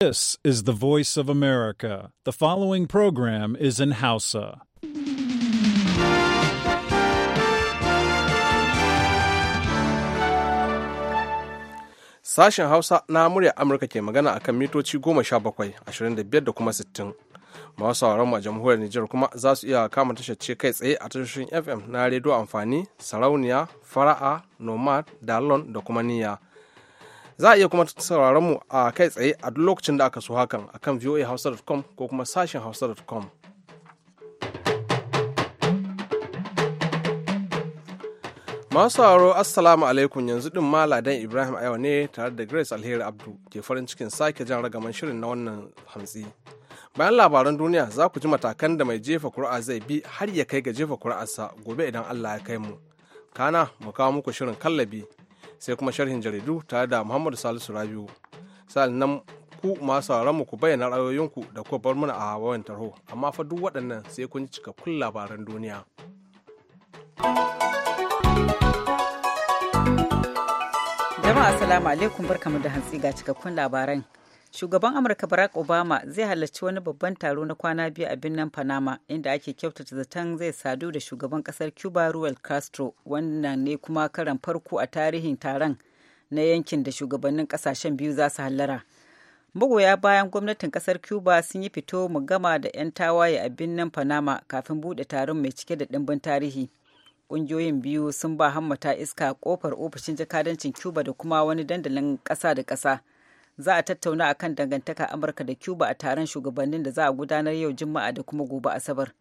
This is the voice of America. The following program is in Hausa. Sashen Hausa na murya Amurka ke magana a kan mitoci 17, ashirin da kuma sittin, Masu a jamhuriyar Nijar kuma za su iya kama tashar ce kai tsaye a tashoshin FM na rediyo amfani, sarauniya, fara'a, nomad, dalon da kuma niyya. Za a iya kuma sauraron mu a kai tsaye a duk lokacin da aka so hakan akan voahausa.com ko kuma sashen hausa.com. Masu sauraro Assalamu alaikum yanzu din ma Ladan Ibrahim Ayawa ne tare da Grace Alheri Abdu ke farin cikin sake jan ragaman shirin na wannan hantsi. Bayan labaran duniya za ku ji matakan da mai jefa kuri'a zai bi har ya kai ga jefa kuri'arsa gobe idan Allah ya kai mu. Kana mu kawo muku shirin kallabi sai kuma sharhin jaridu tare da muhammadu salisu rabiu nan ku masu mu ku bayyana ra'ayoyinku da kuma bar mana a hawan tarho amma fa duk waɗannan sai kun ji cikakkun labaran duniya jama'a assalamu alaikum barkamu da hantsi ga cikakkun labaran shugaban amurka barack obama zai halarci wani babban taro na kwana biyu a birnin panama inda ake kyautata zaton zai sadu da shugaban kasar cuba ruel castro wannan ne kuma karan farko a tarihin taron na yankin da shugabannin kasashen biyu za su hallara magoya bayan gwamnatin kasar cuba sun yi fito mu gama da 'yan tawaye a birnin panama kafin buɗe taron mai cike da ɗimbin tarihi ƙungiyoyin biyu sun ba hammata iska kofar ofishin jakadancin cuba da kuma wani dandalin ƙasa da ƙasa za a tattauna akan dangantaka amurka da cuba a taron shugabannin da za a gudanar yau juma'a da kuma gobe asabar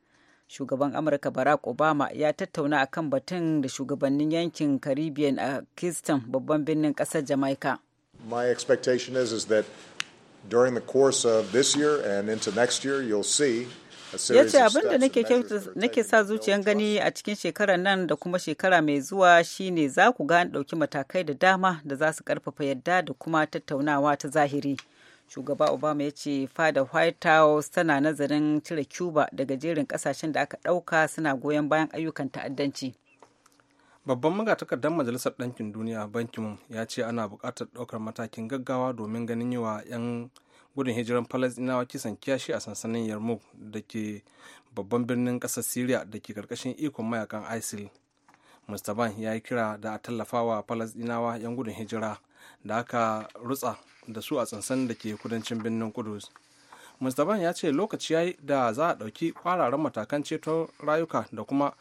shugaban amurka barack obama ya tattauna akan batun da shugabannin yankin caribbean a kingston babban birnin kasar jamaica my expectation is, is that during the course of this year and into next year you'll see ya ce abin da nake sa zuciyan gani a cikin shekarar nan da kuma shekara mai zuwa shine za ku ga dauki ɗauki matakai da dama da za su karfafa yadda da kuma tattaunawa ta zahiri shugaba obama ya ce fada white house tana nazarin cire cuba daga jerin kasashen da aka ɗauka suna goyon bayan ayyukan ta'addanci babban magatakardar majalisar ɗankin duniya bankin ya ce ana bukatar ɗaukar matakin gaggawa domin ganin yawa 'yan gudun hijiran falasɗinawa kisan kyashi a sansanin yarmouk da ke babban birnin ƙasar syria da ke karkashin ikon mayakan isil mustaban ya yi kira da a tallafawa falasɗinawa 'yan gudun hijira da aka rutsa da su a sansanin da ke kudancin birnin kudus mustaban ya ce lokaci ya yi da za a ɗauki kwararen matakan ceton rayuka da kuma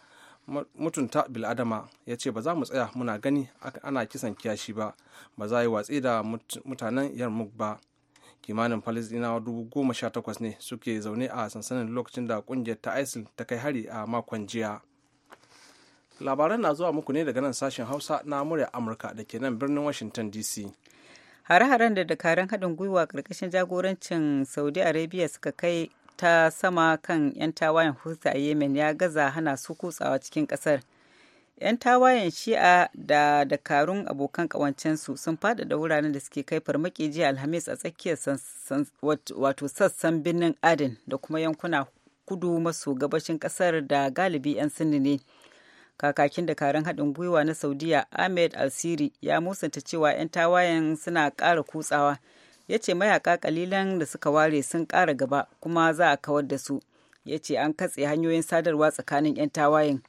mutunta biladama ya ce ba za mu tsaya muna gani ana kisan kiyashi ba ba za a yi watsi da mutanen yarmuk ba kimanin palestinawa dubu goma sha takwas ne suke zaune a sansanin lokacin da kungiyar ta isil ta kai hari a makon jiya labaran na zuwa muku ne daga nan sashen hausa na murya amurka da ke nan birnin washington dc hare-haren da dakarun haɗin gwiwa ƙarƙashin jagorancin saudi arabia suka kai ta sama kan 'yan tawayen hutu a yemen ya gaza hana su kutsawa cikin ƙasar 'yan tawayen shi'a da dakarun abokan kawancensu sun faɗaɗa wuraren da suke kai farmaki jiya alhamis a tsakiyar wato sassan birnin adin da kuma yankuna kudu maso gabashin ƙasar da galibi 'yan sinni ne kakakin dakarun haɗin gwiwa na saudiya ahmed alsiri ya musanta cewa 'yan tawayen suna ƙara kutsawa ya ce mayaka kalilan da suka ware sun ƙara gaba kuma za a kawar da su ya ce an katse hanyoyin sadarwa tsakanin 'yan tawayen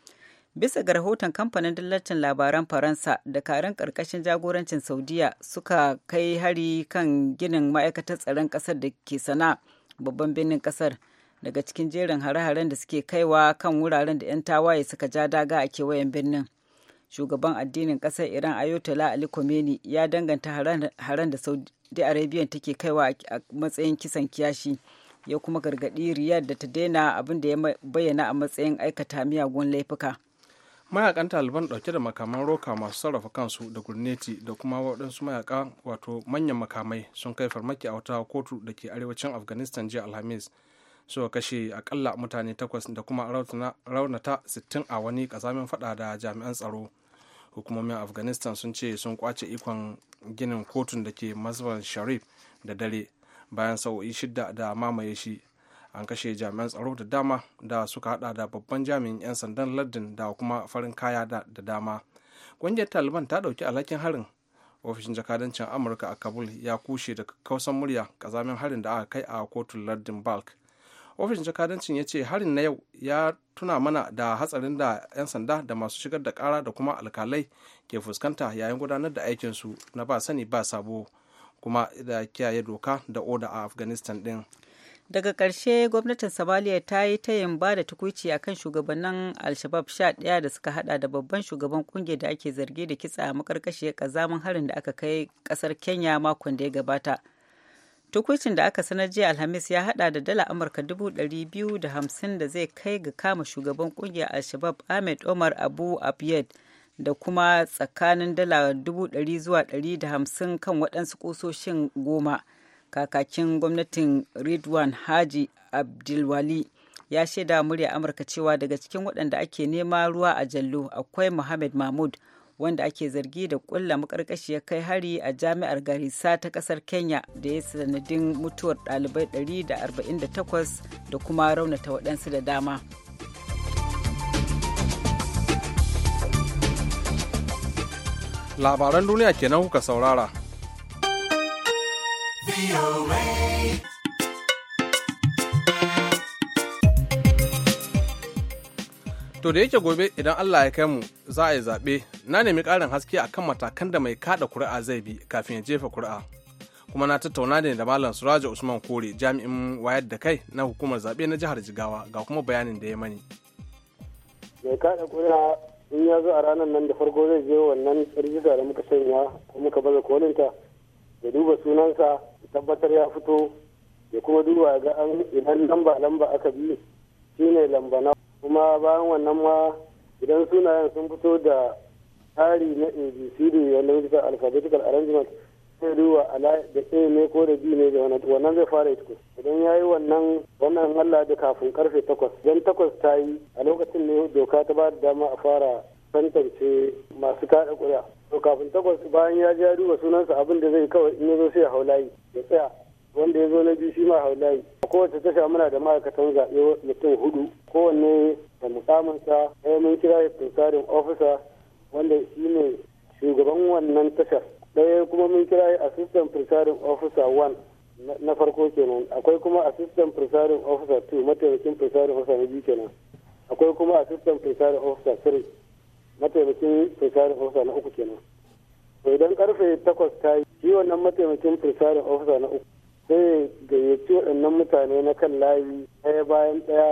bisa ga rahoton kamfanin dillacin labaran faransa dakarun karkashin jagorancin saudiya suka kai hari kan ginin ma'aikatar tsaron kasar da ke sana babban birnin kasar daga cikin jerin hare-haren da suke kaiwa kan wuraren da 'yan tawaye suka ja daga a kewayen birnin shugaban addinin kasar iran ayatollah ali khomeini ya danganta haren da saudi arabia take kaiwa a matsayin kisan kiyashi ya kuma gargaɗi riyar da ta daina abin da ya bayyana a matsayin aikata miyagun laifuka. mayakan taliban dauke da makaman roka masu sarrafa kansu da gurneti da kuma waɗansu mayaka wato manyan makamai sun kai farmaki a wata kotu da ke arewacin afghanistan jiya alhamis suka kashe akalla mutane takwas da kuma raunata sittin a wani ƙazamin fada da jami'an tsaro hukumomin afghanistan sun ce sun kwace ikon ginin kotun da ke mazban sharif da dare bayan sau'i shida da mamaye shi an kashe jami'an tsaro da dama da suka hada da babban jami'in 'yan sandan lardin da kuma farin kaya da dama ƙungiyar taliban ta dauki alhakin harin ofishin jakadancin amurka a kabul ya kushe da kausan murya kazamin harin da aka kai a kotun lardin balk ofishin jakadancin ya ce harin na yau ya tuna mana da hatsarin da 'yan sanda da masu shigar da kara da kuma alkalai ke fuskanta yayin gudanar da aikinsu na ba sani ba sabo kuma da kiyaye doka da oda a afghanistan din daga ƙarshe gwamnatin Somalia ta yi tayin ba da tukuici a kan shugabannin alshabab sha ɗaya da suka haɗa da babban shugaban kungiyar da ake zargi da kitsa a makarkashiyar ƙazamin harin da aka kai ƙasar kenya makon da ya gabata tukuicin da aka sanar jiya alhamis ya haɗa da dala amurka dubu ɗari biyu da hamsin da zai kai ga kama shugaban kungiyar alshabab ahmed omar abu abiyad da kuma tsakanin dala dubu ɗari zuwa ɗari da hamsin kan waɗansu ƙusoshin goma kakakin gwamnatin ridwan haji abdulwali ya shaida murya amurka cewa daga cikin waɗanda ake nema ruwa a jallo akwai muhammad mahmud wanda ake zargi da ƙulla makarkashi ya kai hari a jami'ar garissa ta ƙasar kenya da ya sanadin mutuwar ɗalibai 148 da kuma raunata waɗansu da dama labaran duniya kenan kuka saurara To da yake gobe idan Allah ya kai mu za a yi zaɓe, na nemi ƙarin haske a kan matakan da mai kaɗa kuri'a zai bi kafin ya jefa kuri'a. Kuma na tattauna ne da Malam Suraja Usman Kore jami'in wayar da kai na hukumar zaɓe na jihar Jigawa ga kuma bayanin da ya mani. Mai kaɗa kuri'a in ya zo a ranar nan da farko zai je wannan rijista da muka sanya muka baza kolinta da duba sunansa tabbatar ya fito ya kuma duba ga an idan lamba lamba aka bi shine lamba na kuma bayan wannan ma idan sunayen sun fito da tsari na abcd wanda muke alphabetical arrangement sai duba ala da a ne ko da b ne da wannan. wannan zai fara isko idan ya yi wannan wannan allah da kafin karfe takwas idan takwas ta yi a lokacin ne doka ta ba da dama a fara tantance masu kaɗa ƙuri'a to kafin takwas bayan ya ya duba sunansa abin da zai kawai in ya zo sai ya hau layi ya tsaya wanda ya zo na biyu shi ma hau layi a kowace tasha muna da ma'aikatan zaɓe mutum hudu kowanne da mukaminsa ɗaya mun kira tsarin ofisa wanda shi ne shugaban wannan tashar ɗaya kuma mun kira assistant presiding officer one na farko kenan akwai kuma assistant presiding officer two mataimakin presiding officer na biyu kenan akwai kuma assistant presiding officer three mataimakin firsarin ofisa na uku kenan to idan karfe takwas ta yi shi wannan mataimakin firsarin ofisa na uku sai gayyaci waɗannan mutane na kan layi ɗaya bayan ɗaya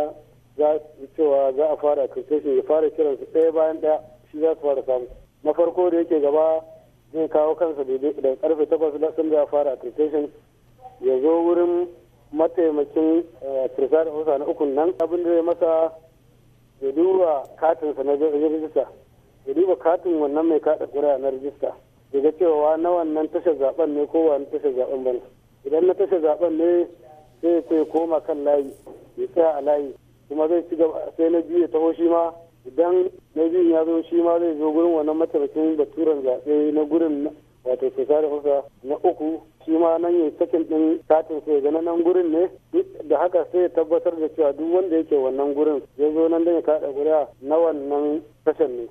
za su cewa za a fara kirteshin ya fara kiran su ɗaya bayan ɗaya shi za su fara samu na farko da yake gaba zai kawo kansa da karfe takwas da sun za fara kirteshin ya zo wurin mataimakin firsarin eh, ofisa na uku nan abin da ya masa ya duba katinsa na jirgin ya duba katin wannan mai kada kuri'a na rijista daga cewa na wannan tashar zaben ne ko wani tashar zaben bane idan na tashar zaben ne sai ya koma kan layi ya tsaya a layi kuma zai ci gaba sai na biyu ya taho shi ma idan na biyu ya zo shi ma zai zo gurin wannan mataimakin baturen zaɓe na gurin wato tsoka da hausa na uku shi ma nan ya sakin din katin sai ga nan gurin ne da haka sai ya tabbatar da cewa duk wanda yake wannan gurin ya zo nan da ya kaɗa kuri'a na wannan tashar ne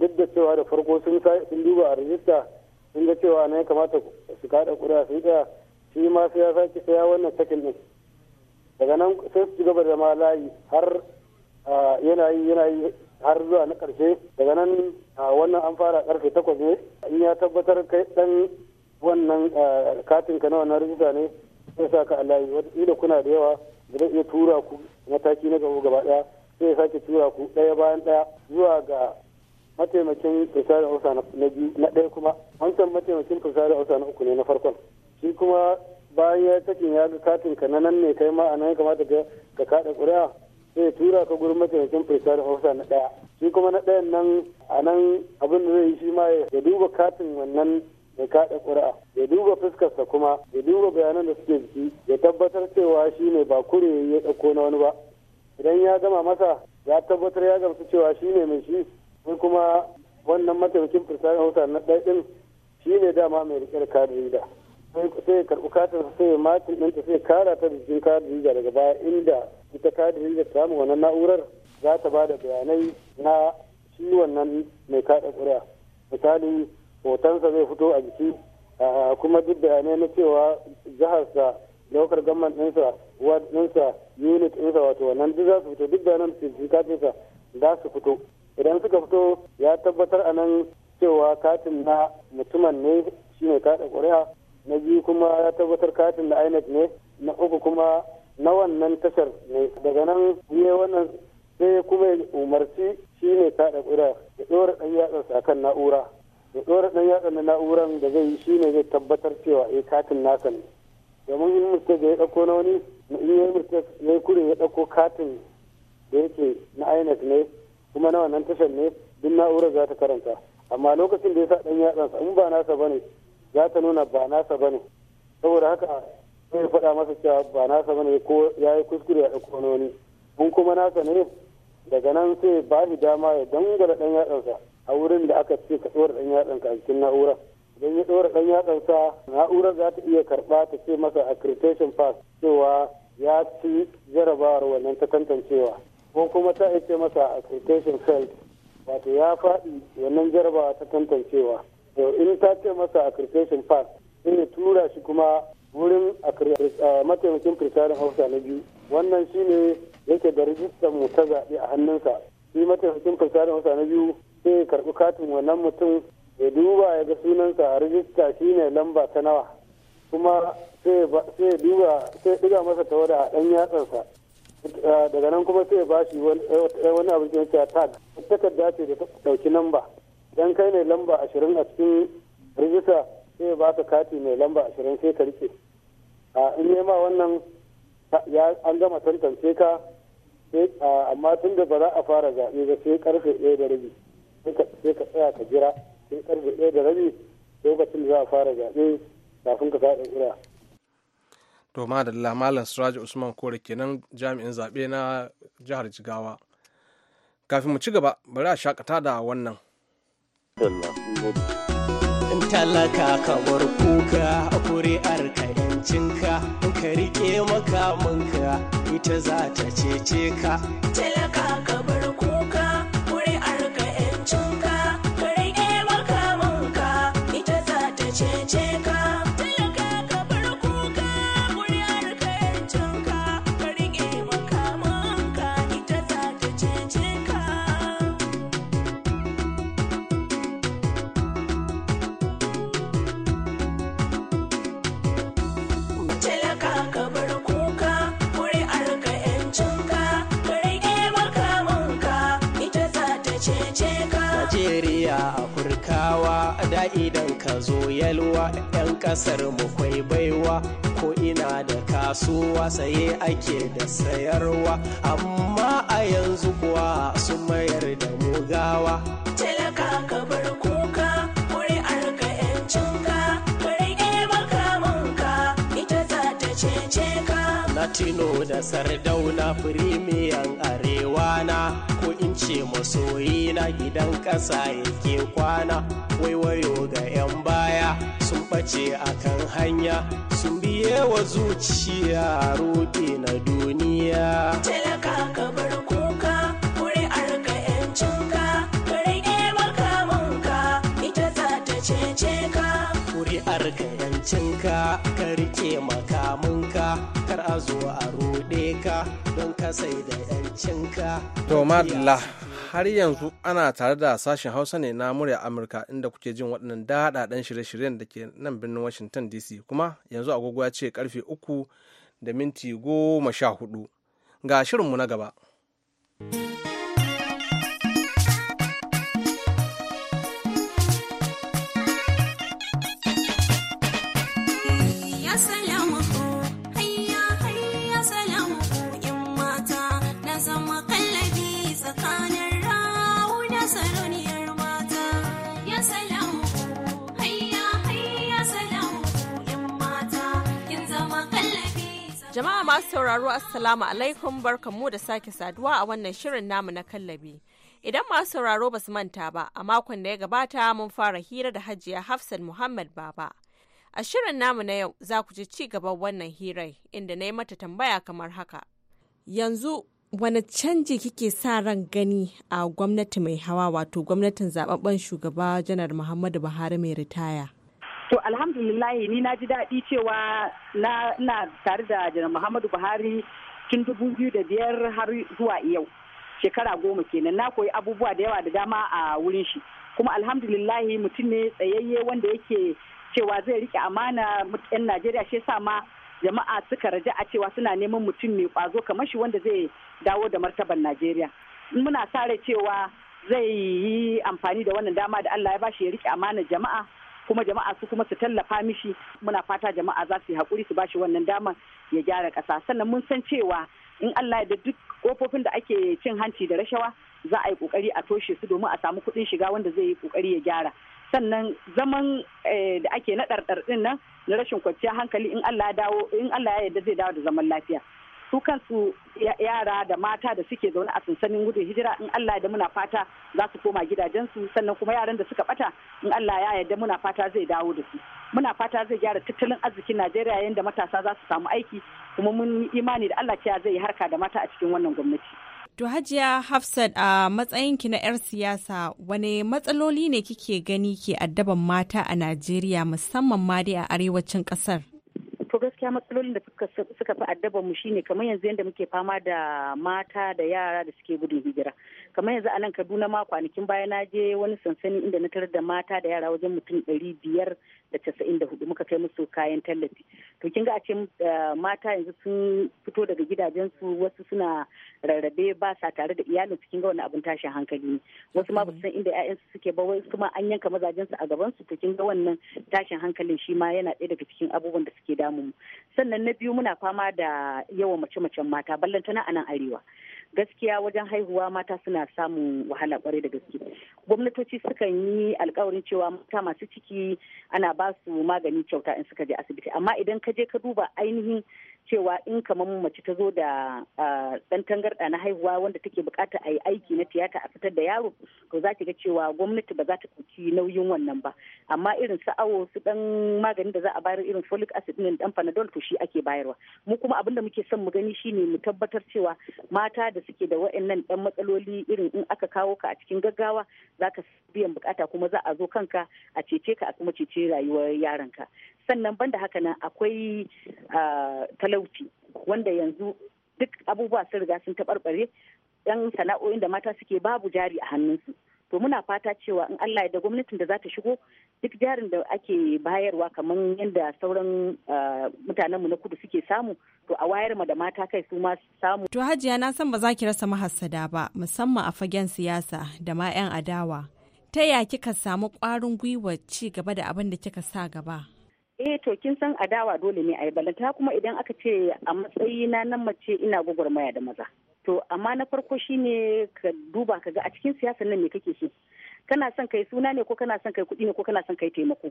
duk da cewa da farko sun duba a rajista sun ga cewa na ya kamata su kada kuri'a sun tsaya shi ma sai ya sake saya wannan sakin din daga nan sai su gaba da malayi har yana yi yana yi har zuwa na karshe daga nan wannan an fara karfe takwas ne in ya tabbatar kai dan wannan katin ka na wannan rajista ne sai sa ka alayi wata kuna da yawa da zai iya tura ku mataki na gaba gaba daya sai ya sake tura ku ɗaya bayan ɗaya zuwa ga mataimakin firsarin hausa na biyu na ɗaya kuma wancan mataimakin firsarin hausa na uku ne na farkon shi kuma bayan ya cikin ya ga katin ka na nan ne kai ma a nan kamata ka kaɗa ƙuri'a sai tura ka gurin mataimakin firsarin hausa na ɗaya shi kuma na ɗayan nan a nan abin da zai yi shi ma ya duba katin wannan mai kaɗa ƙuri'a ya duba fuskarsa kuma ya duba bayanan da suke jiki ya tabbatar cewa shi ne ba kure ya ɗauko na wani ba idan ya gama masa ya tabbatar ya gamsu cewa shi ne mai shi ni kuma wannan mataimakin firsayin hausa na ɗaiɗin shi ne dama mai rike da rida sai ya karɓi katin sai matin ɗinta sai kara ta jikin kadin rida daga baya inda ita kadin rida ta samu wannan na'urar za ta ba da bayanai na shi wannan mai kaɗa ƙuri'a misali hotonsa zai fito a jiki ah, kuma duk bayanai na cewa jiharsa daukar gamman ɗinsa ward ɗinsa unit ɗinsa wato wannan duk za su fito duk bayanan jikin katinsa za su fito idan suka fito ya tabbatar a nan cewa katin na mutumin ne shine kaɗa ƙuri'a na biyu kuma ya tabbatar katin na inec ne na uku kuma na wannan tashar ne daga nan ne wannan sai kuma ya umarci shine kaɗa ƙuri'a ya ɗora ɗan a kan na'ura ya ɗora ɗan yatsa na na'uran da zai yi shine zai tabbatar cewa eh katin nasa ne domin in mutum da ya ɗauko na wani in ya mutum ya kure ya ɗauko katin da yake na inec ne kuma na wannan tashar ne duk na'urar za ta karanta amma lokacin da ya sa ɗan yatsansa in ba nasa bane za ta nuna ba nasa bane saboda haka zai faɗa masa cewa ba nasa bane ko ya yi kuskure a ɗauko wani in kuma nasa ne daga nan sai ba shi dama ya dangara ɗan yatsansa a wurin da aka ce ka ɗora ɗan yatsanka a cikin na'urar idan ya ɗora ɗan yatsansa na'urar za ta iya karɓa ta ce masa accreditation pass cewa ya ci jarabawar wannan ta tantancewa ko kuma ta ce masa accretation failed wato ya faɗi wannan jarabawa ta tantancewa to in ta ce masa accretation pass in tura shi kuma wurin eh, mataimakin firtarin hausa na biyu wannan shine yake da rijistar mu ta zaɓe a hannunsa shi mataimakin firtarin hausa na biyu sai ya karɓi katin wannan mutum ya duba ya ga sunansa a rijista shine lamba ta nawa kuma sai ya duba sai ya ɗiga masa tawada a ɗan yatsarsa Eh, daga nan kuma sai ba shi wani eh, abu da yake tag takarda ce da ɗauki lamba dan kai ne lamba ashirin a cikin rijista sai ba ka kati mai lamba ashirin sai ka rike a in wannan ya an gama tantance ka amma tun da ba za a fara zaɓe ba sai karfe ɗaya da rabi sai ka tsaya ka jira sai karfe ɗaya da rabi lokacin za a fara zaɓe kafin ka faɗa ira to madalla malam usman kore kenan jami'in zaɓe na jihar jigawa kafin mu ci gaba bari a shakata da wannan in talaka ka bar kuka kuri'ar kayancinka in ka riƙe makamanka ita za ta cece ka talaka ka kasar mu kwai baiwa ko ina da kasuwa saye ake da sayarwa amma a yanzu kuwa tino da sardauna firimiyan arewa na ko in ce masoyina gidan ƙasa yake kwana waiwayo ga 'yan baya sun ɓace akan hanya sun biye wa zuciya roƙi na duniya talaka ka bar kuka kuri'ar arka 'yancinka ka makamanka ita za ta cece ka kuri'ar ka cinka ka rike makaminka kar a zo a ruɗe ka don ka sai da yancinka to madalla har yanzu ana tare da sashen hausa ne na murya amurka inda kuke jin waɗannan daɗaɗen shirye-shiryen da ke nan birnin washington dc kuma yanzu agogo ya ce karfe uku da minti goma sha hudu ga shirinmu na gaba Jama'a masu sauraro Assalamu alaikum barkanmu da sake saduwa a wannan shirin namu na kallabi. Idan masu sauraro basu manta ba, a makon da ya gabata mun fara hira da Hajiya Hafsat Muhammad Baba. A shirin namu na yau za ku ji ci gaban wannan hirai inda na yi mata tambaya kamar haka. Yanzu wani canji kike sa ran gani a gwamnati mai hawa wato gwamnatin zababben shugaba janar Muhammadu Buhari mai ritaya? To alhamdulillahi ni na ji daɗi cewa na ina tare da janar Muhammadu Buhari tun dubu biyu da biyar har zuwa yau shekara goma kenan na koyi abubuwa da yawa da dama a wurin shi kuma alhamdulillah mutum ne tsayayye wanda yake cewa zai rike amana yan Najeriya shi sa ma jama'a suka raja a cewa suna neman mutum mai kwazo kamar shi wanda zai dawo da martaban Najeriya muna sare cewa zai yi amfani da wannan dama da Allah ya bashi ya rike amana jama'a kuma jama'a su kuma su tallafa mishi muna fata jama'a za su yi hakuri su bashi wannan dama ya gyara ƙasa sannan mun san cewa in Allah da duk kofofin da ake cin hanci da rashawa za a yi kokari a toshe su domin a samu kuɗin shiga wanda zai yi kokari ya gyara sannan zaman eh, da ake na ɗarɗar ɗin nan na rashin kwanciyar hankali in Allah ya dawo in Allah ya yarda zai dawo da zaman lafiya su kansu yara da mata da suke zaune a sansanin gudun hijira in Allah da muna fata za su koma gidajensu sannan kuma yaran da suka bata in Allah ya yarda muna fata zai dawo da su muna fata zai gyara tattalin arzikin Najeriya yadda matasa za su samu aiki kuma mun imani da Allah cewa zai harka da mata a cikin wannan gwamnati To Hajiya Hafsat a matsayin ki na 'yar siyasa wane matsaloli ne kike gani ke addaban mata a Najeriya musamman ma dai a arewacin kasar. gaskiya matsalolin da suka fi addabar mu shine kamar yanzu yadda muke fama da mata da yara da suke gudun hijira kamar yanzu a nan kaduna ma kwanakin baya na je wani sansani inda na tarar da mata da yara wajen mutum ɗari biyar da casa'in da hudu muka kai musu kayan tallafi to kin ga a ce eh, mata yanzu sun fito daga gidajensu wasu suna rarrabe ba sa tare da iyalin su kin ga wani abin tashin hankali ne wasu ma basu san inda ƴaƴansu suke ba wai kuma an yanka mazajensu a gaban su to kin ga wannan tashin hankalin shi ma yana ɗaya daga cikin abubuwan da suke damu sannan na biyu muna fama da yawan mace-macen mata ballantana a nan arewa gaskiya wajen haihuwa mata suna samun wahala kwarai da gaske gwamnatoci sukan yi alkawarin cewa mata masu ciki ana ba su magani kyauta in suka je asibiti amma idan ka je ka duba ainihin cewa in kamar mace ta zo da dan tangarɗa na haihuwa wanda take bukata a yi aiki na tiyata a fitar da yaro to za ki ga cewa gwamnati ba za ta ɗauki nauyin wannan ba amma irin su awo su dan maganin da za a bayar irin folic acid ɗin dan panadol to shi ake bayarwa mu kuma abin da muke son mu gani shine mu tabbatar cewa mata da suke da waɗannan ɗan matsaloli irin in aka kawo ka a cikin gaggawa za ka biyan bukata kuma za a zo kanka a cece ka a kuma cece rayuwar yaranka sannan banda haka nan akwai ah, talauci wanda yanzu duk abubuwa sun riga sun taɓarɓare yan sana'o'in da mata suke babu jari a hannunsu to muna fata cewa in Allah ya da gwamnatin da za ta shigo duk jarin da ake bayarwa kamar yadda sauran ah, mutanenmu na kudu suke samu to a wayar ma da mata kai su ma samu. To hajiya na san ba za ki rasa mahassada ba musamman a fagen siyasa da ma 'yan adawa. Ta ya kika samu kwarin gwiwa ci gaba da abin da kika sa gaba? eh to kin san adawa dole ne a yi balanta kuma idan aka ce a matsayina na mace ina gwagwarmaya da maza to amma na farko shine ka duba ka ga a cikin siyasar nan me kake so kana son kai suna ne ko kana son kai kuɗi ne ko kana son kai taimako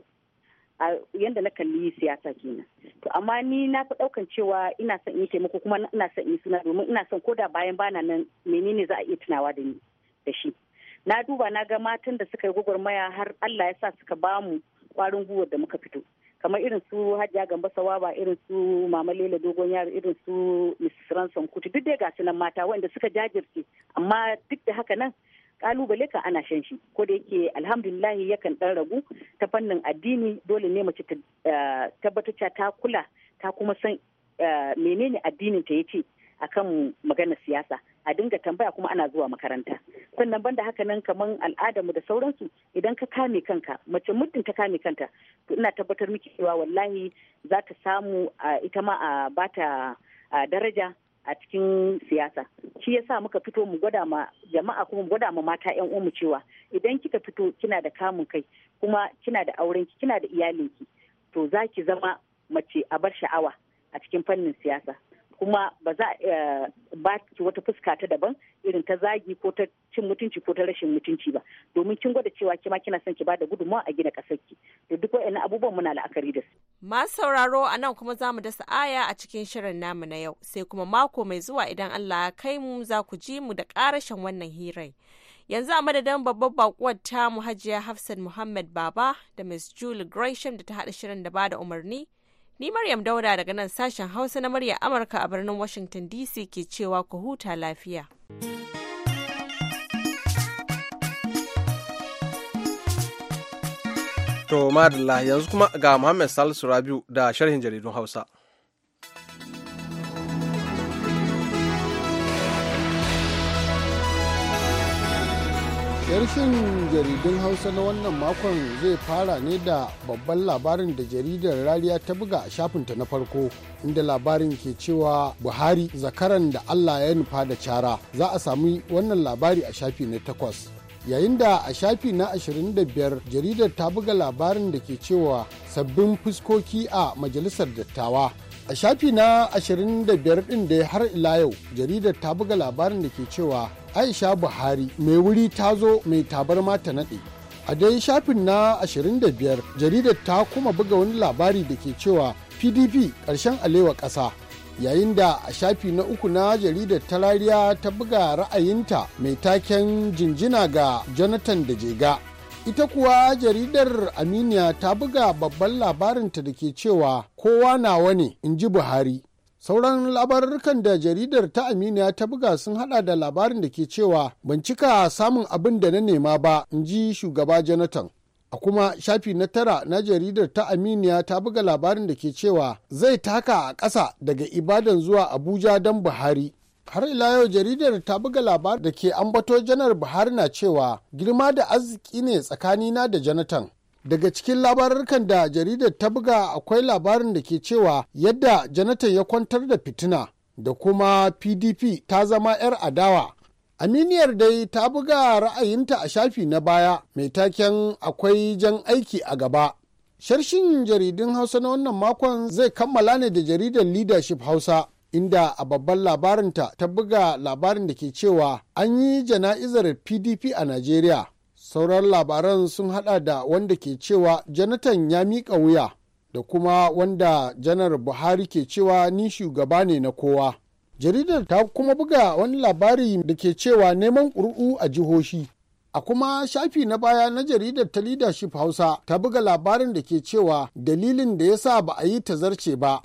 a yanda na kalli siyasa kenan to amma ni na fi ɗaukan cewa ina son yi taimako kuma ina son yi suna domin ina son koda bayan bana nan menene za a iya tunawa da ni da shi na duba na ga matan da suka yi gwagwarmaya har Allah ya sa suka bamu kwarin guwar da muka fito kamar irin su hajiya gamba sawaba irin su mama lela dogon yaro irin su mrs ransom kuti duk dai gasu nan mata wanda suka jajirce amma duk da haka nan kalubale kan ana shan shi ko da yake alhamdulillah yakan dan ragu ta fannin addini dole ne mace ta eh, tabbatar ta kula ta kuma san eh, menene addinin ta yace akan maganar siyasa a dinga tambaya kuma ana zuwa makaranta sannan banda haka nan kaman al'adarmu da sauransu idan ka kame kanka mace muddin ta kame kanta to ina tabbatar miki cewa wallahi za ta samu ita ma a bata daraja a cikin siyasa shi yasa muka fito mu gwada ma jama'a kuma mu gwada ma mata yan uwanmu cewa idan kika fito kina da kamun kai kuma kina da aurenki kina da iyalinki to za ki zama mace a bar sha'awa a cikin fannin siyasa kuma ba za a eh, ba ki wata fuska ta daban irin ta zagi ko ta cin mutunci ko ta rashin mutunci ba domin kin gwada cewa kima kina son ki bada gudunmawa a gina kasar ki to duk wa'annan abubuwan muna la'akari da su masu sauraro a nan kuma za mu dasa aya a cikin shirin namu na yau sai kuma mako mai zuwa idan Allah ya kai mu za ku ji mu da ƙarashin wannan hirai yanzu a madadin babbar bakuwar tamu hajiya hafsat muhammad baba da miss julie gresham da ta haɗa shirin da bada umarni Ni Maryam Dauda daga nan sashen Hausa na murya Amurka a birnin Washington DC ke cewa ku huta lafiya. To madalla yanzu kuma ga Muhammad Salisu Rabiu da sharhin jaridun Hausa. yarshin jaridun hausa na wannan makon zai fara ne da babban labarin da jaridar rariya ta buga a shafinta na farko inda labarin ke cewa buhari zakaran da allah ya nufa da cara za a sami wannan labari a shafi na takwas yayin da a shafi na 25 jaridar ta buga labarin da ke cewa sabbin fuskoki a majalisar dattawa a shafi na 25 ɗin da har ila yau jaridar ta buga labarin da ke cewa aisha buhari mai wuri ta zo mai tabarma ta nade a dai shafin na 25 jaridar ta kuma buga wani labari da ke cewa pdp ƙarshen alewa ƙasa yayin da a shafi na uku na jaridar talariya ta buga ra'ayinta mai taken jinjina ga jonathan da jega ita kuwa jaridar aminiya ta buga babban labarinta da ke cewa kowa nawa ne in ji buhari Sauran labarukan da jaridar ta Aminiya ta buga sun hada da labarin da ke cewa ban cika samun abin da na nema ba, in ji shugaba Jonathan. A kuma shafi na tara na jaridar ta Aminiya ta buga labarin da ke cewa zai taka a ƙasa daga Ibadan zuwa Abuja don Buhari. har ila yau jaridar ta buga labarin da ke ambato janar buhari na cewa girma da arziki ne tsakanina da jonathan daga cikin labarurkan da jaridar ta buga akwai labarin da ke cewa yadda janatan ya kwantar da fitina da kuma pdp ta zama 'yar adawa aminiyar dai ta buga ra'ayinta a shafi na baya mai taken akwai jan aiki a gaba sharshin jaridun hausa na wannan makon zai kammala ne da jaridar leadership hausa inda a babban labarinta ta buga labarin da ke cewa an yi jana'izar pdp a najeriya sauran labaran sun hada da wanda ke cewa janatan ya mika wuya da kuma wanda janar buhari ke cewa ni shugaba ne na kowa jaridar ta kuma buga wani labari da ke cewa neman ƙuri'u a jihohi a kuma shafi na baya na jaridar ta leadership hausa ta buga labarin da ke cewa dalilin da ya sa ba a yi tazarce ba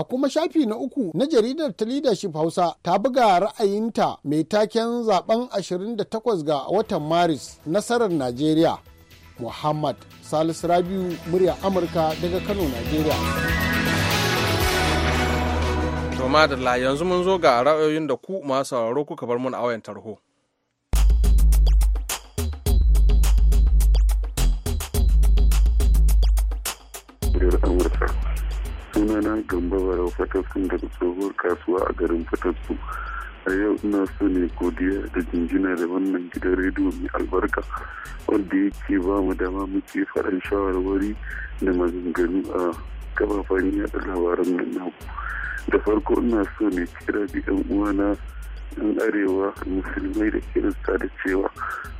A kuma shafi na uku na jaridar ta Leadership Hausa ta buga ra'ayinta mai taken zaben 28 ga watan Maris nasarar Najeriya. Muhammad Salisu Rabiu murya Amurka daga Kano, Najeriya. To madalla yanzu mun zo ga ra'ayoyin da ku masu sauraro kuka bar mun a wayan tarho. sunana gamba barau fataskun daga tsohuwar kasuwa a garin fataskun a yau ina so ne godiya da jinjina da wannan gidan rediyo mai albarka wanda yake ba mu dama muke faɗan shawarwari da maganganu a kafafen yada labaran nan naku da farko ina so ne kira da yan uwana yan arewa musulmai da kirista da cewa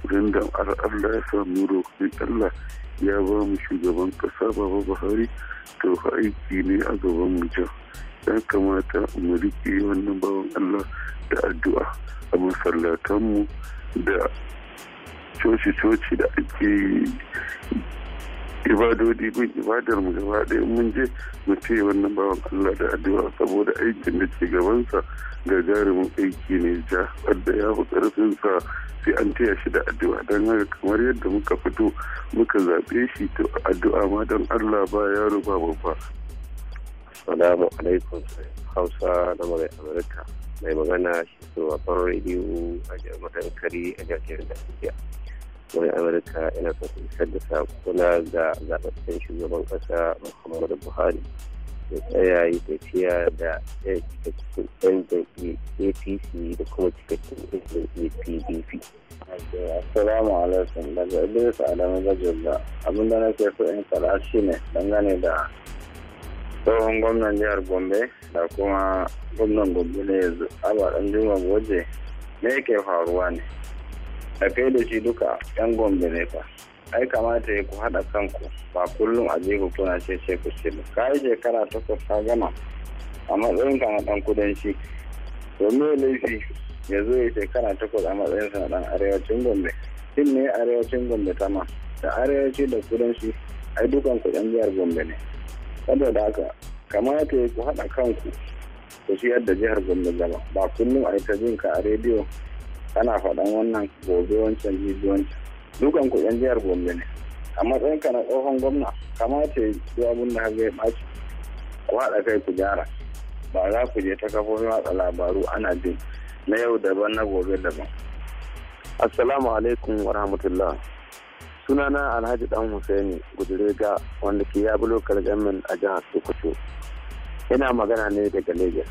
don da Allah ya samu roƙi Allah ya ba mu shugaban kasa baba buhari to aiki ne a gaban mu ya kamata mu riƙe wannan bawan allah da addu'a a masallatanmu da coci-coci da ake ibadodi bin ibadar mu gaba ɗaya mun je mu ce wannan bawan allah da addu'a saboda aikin da ke gabansa gagarumin aiki ne ja wadda ya fi ƙarfinsa sai an taya shi da addu'a don haka kamar yadda muka fito muka zaɓe shi to addu'a ma don allah ba yaro ba babba salamu alaikum hausa na mara amurka mai magana shi mafan rediyo a jami'ar kari a jami'ar da tafiya wani amurka yana son da sakuna ga zaɓaɓɓen shugaban ƙasa muhammadu buhari ya tsaya yi tafiya da ya cikakken yan apc da kuma cikakken yan jam'iyyar pdp assalamu alaikum daga idris adamu bajola abinda na ke so in faɗa shi ne dangane da tsohon gwamnan jihar gombe da kuma gwamnan gombe ne yanzu abadan juma goje me yake faruwa ne da kai da shi duka yan gombe ne fa ai kamata ya ku haɗa kanku ba kullum a je ku kuna ce ce ku ce ba ka yi shekara takwas ka gama a matsayin ka na ɗan kudanci domin laifi ya zo ya shekara takwas a matsayin sa ɗan arewacin gombe shin ne arewacin gombe ma da arewaci da kudanci ai dukan ku ɗan jihar gombe ne saboda haka kamata ya ku haɗa kanku ku ciyar da jihar gombe gaba ba kullum a yi ta jin ka a rediyo kana faɗan wannan gobe wancan jibi wancan dukan ku yan jihar gombe ne a matsayin ka na tsohon gwamna kamata ya yi abin da zai ɓaci ku haɗa kai ku gyara ba za ku je ta kafofin watsa labaru ana jin na yau daban na gobe daban assalamu alaikum wa rahmatullah sunana alhaji dan husaini gudurega wanda ke ya bulo kalgamin a jihar sokoto ina magana ne daga lagos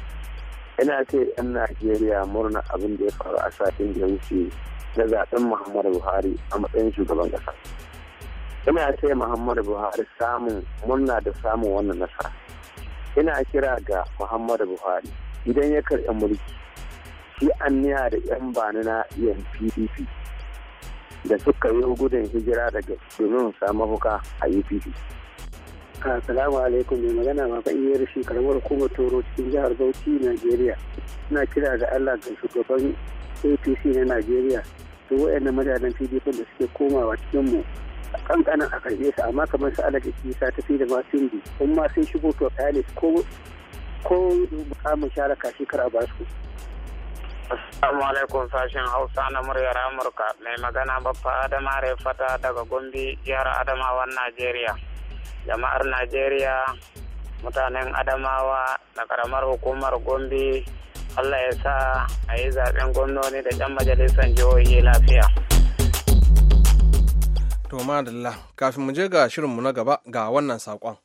ina ce yan najeriya murna abin da ya faru a satin da ya wuce na zaben muhammadu buhari a matsayin shugaban ƙasa ina ce muhammadu buhari samun murna da samun wannan nasara ina kira ga muhammadu buhari idan ya karɓi mulki shi anniya da yan bani na yan pdp da suka yi gudun hijira daga domin samu mafuka a UPP. assalamu alaikum mai magana maka iya rashi karamar hukumar toro cikin jihar bauchi Najeriya? ina kira ga allah ga shugaban apc na najeriya su waɗanda mutanen pdp da suke komawa cikin mu kankanin a karbe su amma kamar su alaƙa kisa ta fi da masu bi in ma sun shigo to palace ko ko mu share kashi kar a ba su. Assalamu alaikum sashen Hausa na muryar Amurka mai magana Baffa Adama Refata daga Gombe jihar Adamawan Najeriya. Jama'ar Najeriya mutanen Adamawa na karamar hukumar Gombe Allah ya sa a yi zaɓen gwamnoni da 'yan majalisar jihohi lafiya. To madalla kafin mu je ga shirinmu na gaba ga wannan saƙon.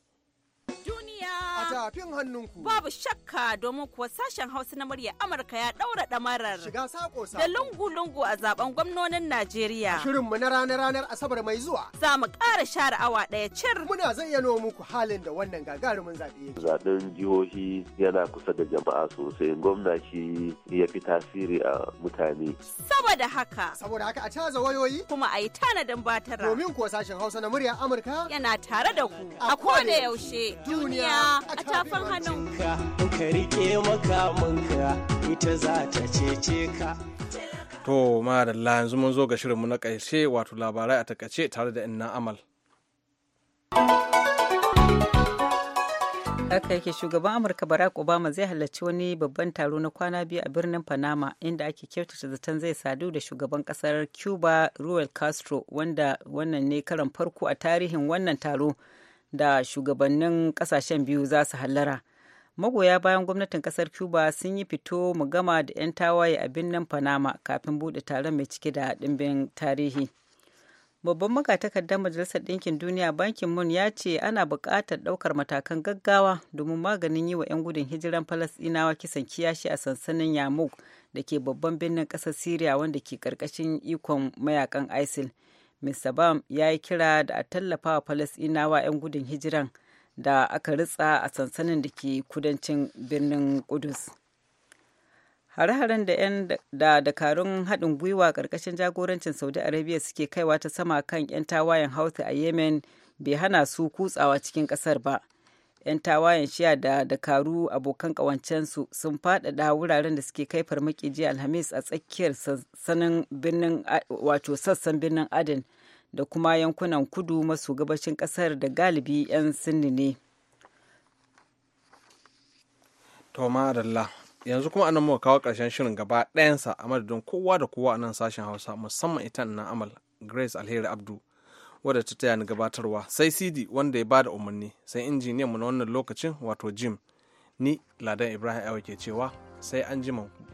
tafin hannunku. Babu shakka domin kuwa sashen Hausa na murya Amurka ya ɗaura ɗamarar. Shiga sako sako. Da lungu-lungu a zaben gwamnonin Najeriya. Shirinmu na ranar-ranar Asabar mai zuwa. Za mu ƙara share awa ɗaya cir. Muna zayyano muku halin da wannan gagarumin zaɓe yake. Zaɓen jihohi yana kusa da jama'a sosai. Gwamna shi ya fi tasiri a mutane. Saboda haka. Saboda haka a caza wayoyi. Kuma a yi tanadin batara. Domin kuwa sashen Hausa na murya Amurka. Yana tare da ku. A da yaushe. Duniya a tafin hannun. Ka rike makamanka ita za ta To madalla yanzu mun zo ga shirinmu na ƙarshe wato labarai a takace tare da inna amal. aka yake shugaban amurka barack obama zai halarci wani babban taro na kwana biyu a birnin panama inda ake kyautata zaton zai sadu da shugaban kasar cuba ruel castro wanda wannan ne karan farko a tarihin wannan taro da shugabannin kasashen biyu za su hallara magoya bayan gwamnatin kasar cuba sun yi fito mu gama da 'yan tawaye a birnin panama kafin bude taron mai cike da ɗimbin tarihi babban magatakardar majalisar ɗinkin duniya bankin mun ya ce ana buƙatar ɗaukar matakan gaggawa domin maganin yi wa 'yan gudun hijiran falasɗinawa kisan kiyashi a sansanin yamuk da ke babban birnin ƙasar syria wanda ke ƙarƙashin ikon mayakan isil Mr. Bam ya yi kira da a tallafa wa Falasɗinawa 'yan gudun hijiran da aka ritsa a sansanin da ke kudancin birnin Kudus. Hare-haren da 'yan da dakarun haɗin gwiwa ƙarƙashin jagorancin Saudi Arabia suke kaiwa ta sama kan 'yan tawayen Hausa a Yemen bai hana su kutsawa cikin ƙasar ba. 'yan tawayen shiya da dakaru abokan ƙawancensu sun faɗaɗa wuraren da suke kai farmaki jiya alhamis a tsakiyar sassan birnin adin da kuma yankunan kudu masu gabashin ƙasar da galibi 'yan sinni ne yanzu kuma anan muka kawo ƙarshen shirin gaba ɗayansa a madadin kowa da kowa a nan sashen hausa musamman ita na amal grace alheri abdu wadda ta taya ni gabatarwa sai cd wanda ya bada umarni sai injiniyan mu na wannan lokacin wato jim ni ladan ibrahim ke cewa sai an ku.